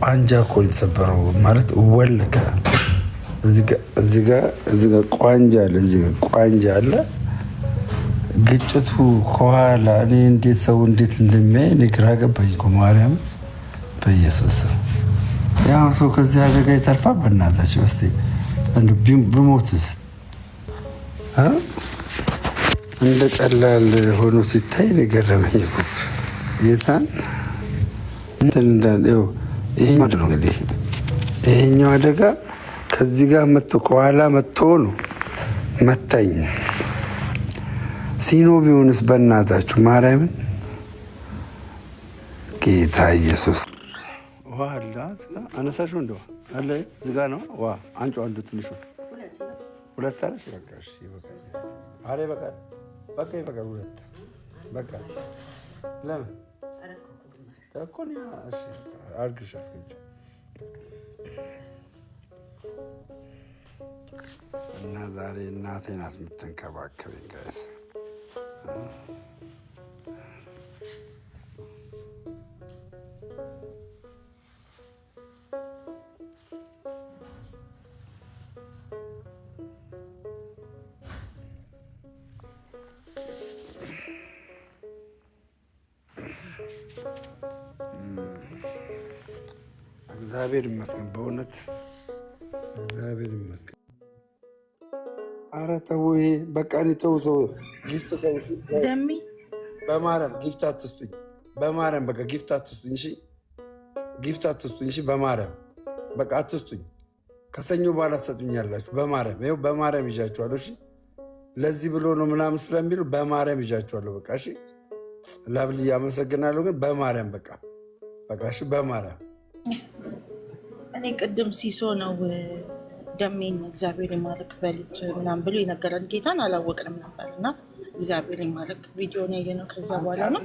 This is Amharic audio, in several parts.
ቋንጃ እኮ የተሰበረው ማለት ወለከ እዚጋ ቋንጃ አለ፣ እዚጋ ቋንጃ አለ። ግጭቱ ከኋላ እኔ እንዴት ሰው እንዴት እንደሚያይ እኔ ግራ ገባኝ እኮ ማርያም በኢየሱስ ያው ሰው ከዚህ አደጋ የተርፋ በእናታቸው ስ ብሞትስ እንደ ቀላል ሆኖ ሲታይ ነገር ለመኝ ጌታን ይሄኛው ድሮ እንግዲህ ይሄኛው አደጋ ከዚህ ጋር መጥቶ ከኋላ መጥቶ ነው መታኝ። ሲኖ ቢሆንስ በእናታችሁ ማርያምን ጌታ ኢየሱስ ውሃ አለ አነሳሽው እንደው አለ እዚህ ነው ውሃ አንጮ አንዱ ትንሹ ሁለት አለሽ በቃ በቃ በቃ ሁለት በቃ ለምን እና ዛሬ እናቴ ናት የምትንከባከበኝ ጋይስ እግዚአብሔር ይመስገን። በእውነት እግዚአብሔር ይመስገን። ኧረ ተው በቃ እኔ ተው ተው፣ ጊፍት ተው በማርያም ጊፍት አትስጡኝ። በማርያም በቃ ጊፍት አትስጡኝ። እሺ ጊፍት አትስጡኝ። እሺ በማርያም በቃ አትስጡኝ። ከሰኞ በኋላ ሰጡኝ ያላችሁ በማርያም ይኸው በማርያም ይዣችኋለሁ። እሺ ለዚህ ብሎ ነው ምናምን ስለሚሉ በማርያም ይዣችኋለሁ። በቃ እሺ ላብል አመሰግናለሁ። ግን በማርያም በቃ በቃ እሺ በማርያም እኔ ቅድም ሲሶ ነው ደሜን እግዚአብሔር ይማረክ በሉት ምናምን ብሎ የነገረን ጌታን አላወቅንም ነበር እና እግዚአብሔር ይማረክ ቪዲዮን ያየነው ከዛ በኋላ ነው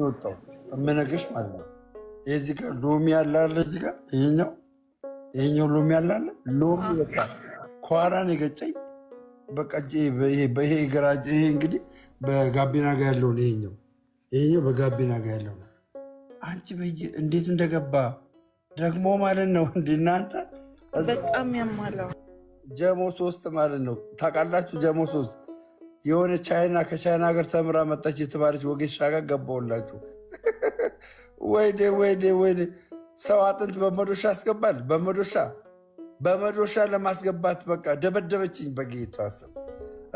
የወጣው። እምነግርሽ ማለት ነው የዚህ ጋር ሎሚ ያላለ እዚ ጋር ይሄኛው ይሄኛው ሎሚ ያላለ ሎሚ ወጣ ኳራን የገጨኝ በቃ በይሄ ገራጅ ይሄ እንግዲህ በጋቢና ጋር ያለውን ይሄኛው ይሄኛው በጋቢና ጋር ያለው አንቺ በይ እንዴት እንደገባ ደግሞ ማለት ነው እንድናንተ በጣም ያማለው ጀሞ ሶስት ማለት ነው ታውቃላችሁ። ጀሞ ሶስት የሆነ ቻይና ከቻይና ሀገር ተምራ መጣች የተባለች ወጌሻ ጋር ገባውላችሁ። ወይኔ ወይኔ ወይኔ! ሰው አጥንት በመዶሻ ያስገባል። በመዶሻ በመዶሻ ለማስገባት በቃ ደበደበችኝ። በጌቱ አስብ።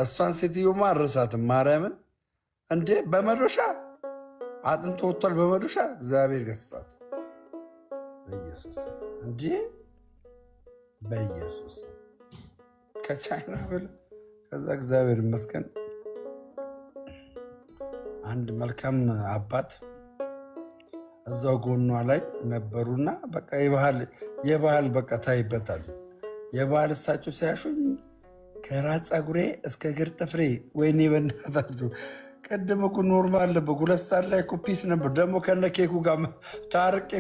እሷን ሴትዮማ አረሳትም። ማርያምን እንዴ! በመዶሻ አጥንት ወጥቷል። በመዶሻ እግዚአብሔር ገሳት። በኢየሱስ እንዲህ በኢየሱስ ከቻይና ብል ከዛ እግዚአብሔር ይመስገን አንድ መልካም አባት እዛው ጎኗ ላይ ነበሩና በቃ የባህል የባህል በቃ ታይበታል። የባህል እሳቸው ሲያሹኝ ከራስ ፀጉሬ እስከ እግር ጥፍሬ ወይኔ በናታችሁ ቅድም እኮ ኖርማል ነበር። ሁለት ሰዓት ላይ እኮ ፒስ ነበር ደግሞ ከነ ኬኩ ጋር ታርቅ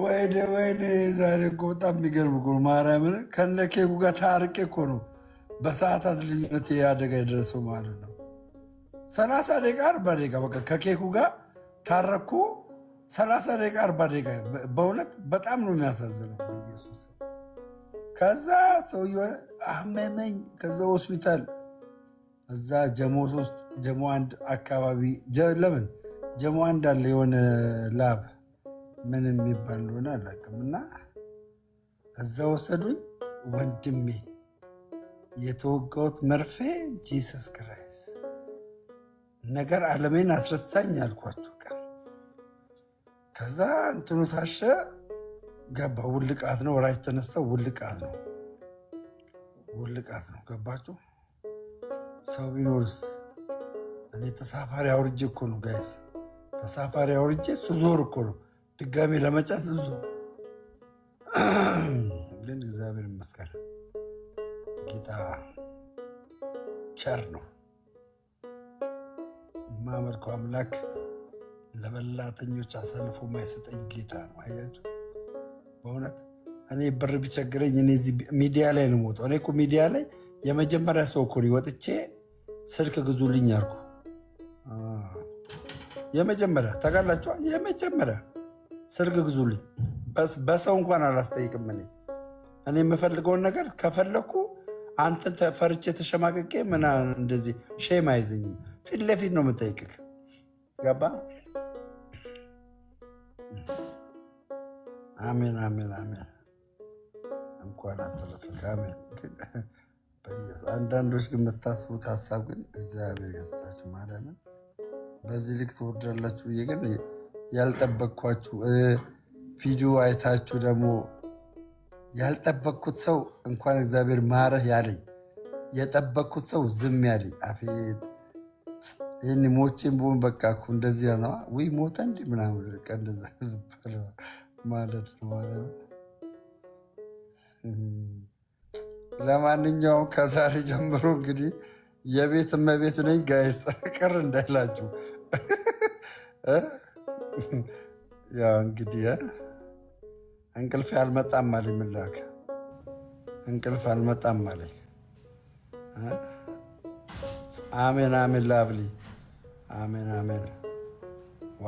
ወይኔ ወይኔ ዛሬ እኮ በጣም የሚገርም እኮ ማርያምን ከነ ኬኩ ጋር ታርቄ እኮ ነው በሰዓታት ልዩነት አደጋ የደረሰው ማለት ነው። ሰላሳ ደቂቃ አርባ ደቂቃ በቃ ከኬኩ ጋር ታረኩ። ሰላሳ ደቂቃ አርባ ደቂቃ በእውነት በጣም ነው የሚያሳዝነው። ኢየሱስ ከዛ ሰውየ አመመኝ። ከዛ ሆስፒታል እዛ ጀሞ ሶስት ጀሞ አንድ አካባቢ ለምን ጀሞ አንድ አለ የሆነ ላብ ምን የሚባል እንደሆነ አላውቅም። እና እዛ ወሰዱኝ። ወንድሜ የተወጋሁት መርፌ ጂሰስ ክራይስ ነገር አለሜን አስረሳኝ አልኳቸው። ቃ ከዛ እንትኑ ታሸ ገባ። ውልቃት ነው ወራጅ ተነሳው። ውልቃት ነው ውልቃት ነው። ገባችሁ? ሰው ቢኖርስ እኔ ተሳፋሪ አውርጄ እኮ ነው ጋይስ፣ ተሳፋሪ አውርጄ ሱዞር እኮ ነው ድጋሜ ለመጫስ እዙ ግን እግዚአብሔር ይመስገን ጌታ ቸር ነው። የማመልከው አምላክ ለበላተኞች አሳልፎ የማይሰጠኝ ጌታ ነው። አያችሁ በእውነት እኔ ብር ቢቸግረኝ እኔ እዚህ ሚዲያ ላይ ነው የምወጣው። እኔ እኮ ሚዲያ ላይ የመጀመሪያ ሰው እኮ ወጥቼ ስልክ ግዙልኝ አልኩ። የመጀመሪያ ታውቃላችኋ፣ የመጀመሪያ ስልክ ግዙልኝ። በሰው እንኳን አላስጠይቅም። እኔ እኔ የምፈልገውን ነገር ከፈለግኩ አንተን ፈርቼ ተሸማቀቄ ምናምን እንደዚህ ሼም አይዘኝም። ፊት ለፊት ነው የምጠይቅህ። ገባ? አሜን፣ አሜን፣ አሜን። እንኳን አተረፍክ። አሜን። አንዳንዶች ግን የምታስቡት ሀሳብ ግን እግዚአብሔር ገጽታችሁ ማለት ነው። በዚህ ልክ ትወርዳላችሁ ብዬ ግን ያልጠበቅኳችሁ ቪዲዮ አይታችሁ ደግሞ ያልጠበቅኩት ሰው እንኳን እግዚአብሔር ማረህ ያለኝ የጠበቅኩት ሰው ዝም ያለኝ አፌት ይህን ሞቼን ብሆን በቃ እኮ እንደዚህ ያነዋ ወይ ሞተ እንዲ ምናምን እንደዛ ማለት ነው ማለት ነው። ለማንኛውም ከዛሬ ጀምሮ እንግዲህ የቤት እመቤት ነኝ ጋይስ፣ ቅር እንዳይላችሁ ያው እንግዲህ እንቅልፍ አልመጣም አለኝ። ምን ላክ እንቅልፍ አልመጣም አለኝ። አሜን አሜን ላብሊ አሜን አሜን።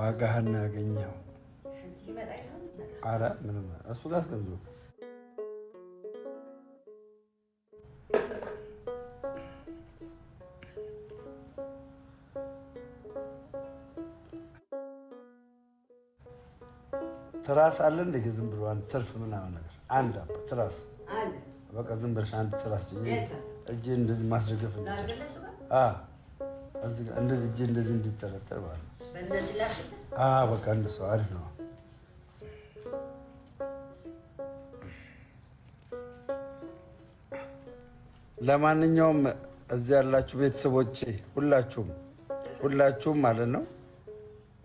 ዋጋህን ያገኘው አረ ምንም እሱ ጋር ትራስ አለ እንደ ዝም ብሎ አንድ ትርፍ ምናምን ነገር አንድ አባ ትራስ አለ። በቃ ዝም ብለሽ አንድ ትራስ እጅ እንደዚህ ማስደገፍ እንችል እንደዚህ እጅ እንደዚህ እንዲጠረጠር ማለት በቃ እንደሱ አሪፍ ነው። ለማንኛውም እዚህ ያላችሁ ቤተሰቦቼ ሁላችሁም ሁላችሁም ማለት ነው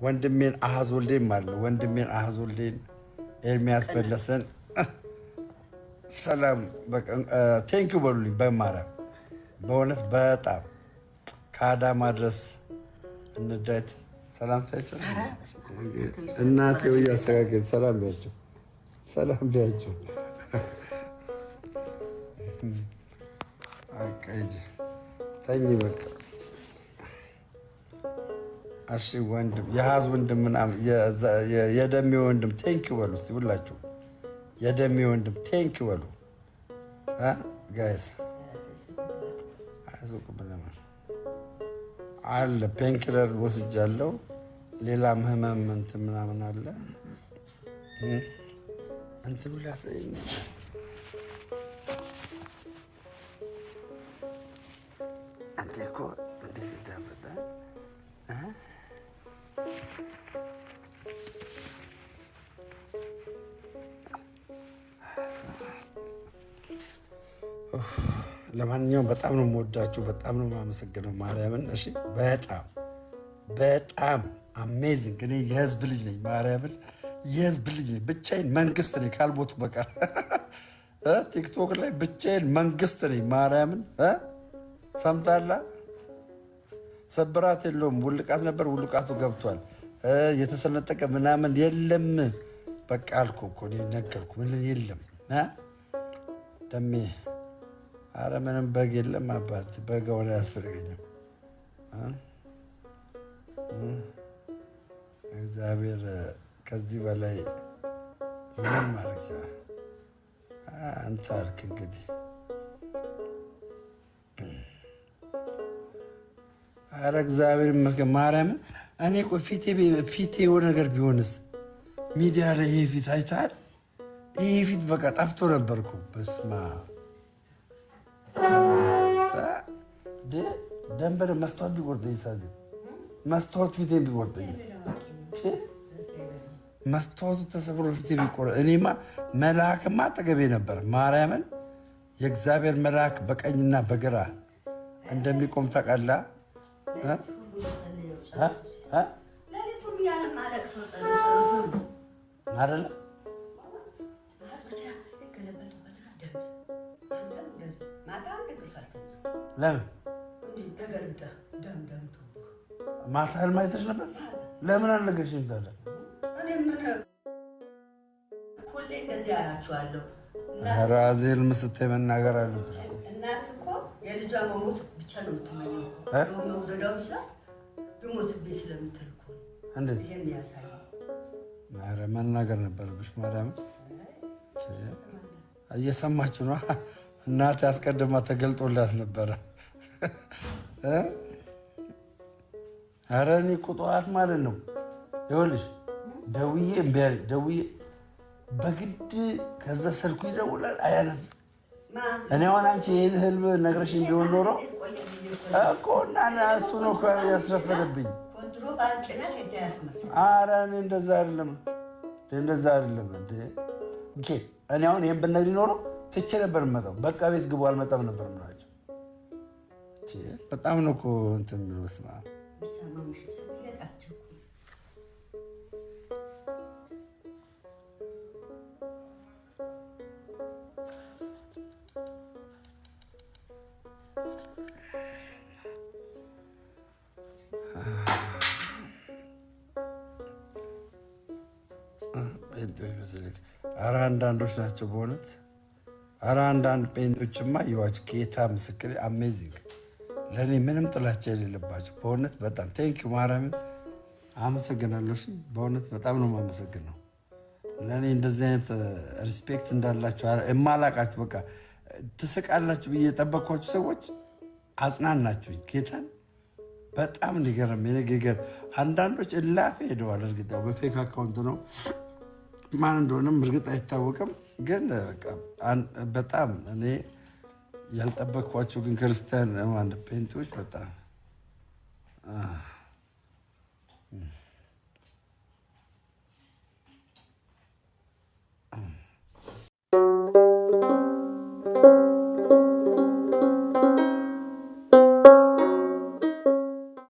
ወንድሜን አሃዝ ወልዴን ማለት ነው። ወንድሜን አሃዝ ወልዴን ኤርሚያስ በለሰን ሰላም ቴንኪ በሉልኝ። በማርያም በእውነት በጣም ከአዳማ ድረስ እንዳይት ሰላም ሳይቸው እናቴ እያስተካከል ሰላም ቢያቸው ሰላም ቢያቸው ተኝ በቃ እሺ ወንድም የሀዝ ወንድም ምናምን የደሜ ወንድም ቴንክ በሉ እስኪ ሁላችሁ የደሜ ወንድም ቴንክ በሉ ጋይስ። አለ ፔንክለር ወስጃለሁ። ሌላም ህመም እንትን ምናምን አለ እንትን ብላ አንተ እኮ ለማንኛውም በጣም ነው የምወዳችሁ፣ በጣም ነው የማመሰግነው ማርያምን። እሺ በጣም በጣም አሜዚንግ። እኔ የህዝብ ልጅ ነኝ፣ ማርያምን የህዝብ ልጅ ነኝ። ብቻዬን መንግስት ነኝ ካልቦቱ በቀር ቲክቶክ ላይ ብቻዬን መንግስት ነኝ። ማርያምን ሰምታላ ሰብራት የለውም። ውልቃት ነበር፣ ውልቃቱ ገብቷል። የተሰነጠቀ ምናምን የለም። በቃ አልኩ እኮ ነገርኩ። ምን የለም ደሜ አረ ምንም በግ የለም አባት፣ በግ አሁን አያስፈልገኝም። እግዚአብሔር ከዚህ በላይ ምን ማረጃ አንተ አልክ እንግዲህ። አረ እግዚአብሔር ይመስገን። ማርያም እኔ እኮ ፊቴ የሆነ ነገር ቢሆንስ ሚዲያ ላይ ይሄ ፊት አይተሃል? ይሄ ፊት በቃ ጠፍቶ ነበርኩ። በስማ ደንበር መስታወት ቢቆርጠኝ ሳዝ መስታወት ፊቴ ቢቆርጠኝ መስታወቱ ተሰብሮ ፊቴ ቢቆረ እኔማ መልአክማ አጠገቤ ነበር። ማርያምን የእግዚአብሔር መልአክ በቀኝና በግራ እንደሚቆም ተቀላ አይደለም ለምን ማታ ህልም አይተሽ ነበር? ለምን አልነገርሽም ታዲያ? ኧረ ህልም ስታይ መናገር አለብሽ። እናት እኮ የልጇ መሞት ብቻ ነው የምትመኘው። መውደዳው ይዛት ብሞትብኝ ስለምትል እኮ ይሄን ያሳየው። ኧረ መናገር ነበረብሽ። ማርያም እየሰማችሁ ነው። እናት ያስቀድማ ተገልጦላት ነበረ ኧረ እኔ እኮ ጠዋት ማለት ነው ይኸውልሽ ደውዬ እምቢ አለኝ። ደውዬ በግድ ከዛ ስልኩ ይደውላል አያነሳ። እኔ አሁን አንቺ ይህን ህልም ነግረሽ ቢሆን ኖሮ እኮ እና እሱ ነው ያስረፈደብኝ። ኧረ እኔ እንደዛ አይደለም እንደዛ አይደለም። እኔ አሁን ይህን ብነግሪ ኖሮ ትቼ ነበር የምመጣው። በቃ ቤት ግቡ አልመጣም ነበር ምናምን በጣም ነው እኮ እንትን ብሎስማ አራ አንዳንዶች ናቸው በእውነት። አራ አንዳንድ ጴንጦችማ የዋች ጌታ ምስክር አሜዚንግ ለእኔ ምንም ጥላቻ የሌለባቸው በእውነት በጣም ቴንኪ ማርያምን አመሰግናለሁ። በእውነት በጣም ነው የማመሰግነው። ለእኔ እንደዚህ አይነት ሪስፔክት እንዳላችሁ የማላቃችሁ በቃ ትስቃላችሁ ብዬ የጠበቅኳችሁ ሰዎች አጽናናችሁኝ። ጌታን በጣም ሊገርም የነገገር አንዳንዶች እላፍ ሄደዋል። እርግጥ በፌክ አካውንት ነው ማን እንደሆነም እርግጥ አይታወቅም። ግን በጣም እኔ ያልጠበቅኳቸው ግን ክርስቲያን አንድ ፔንቶች በጣም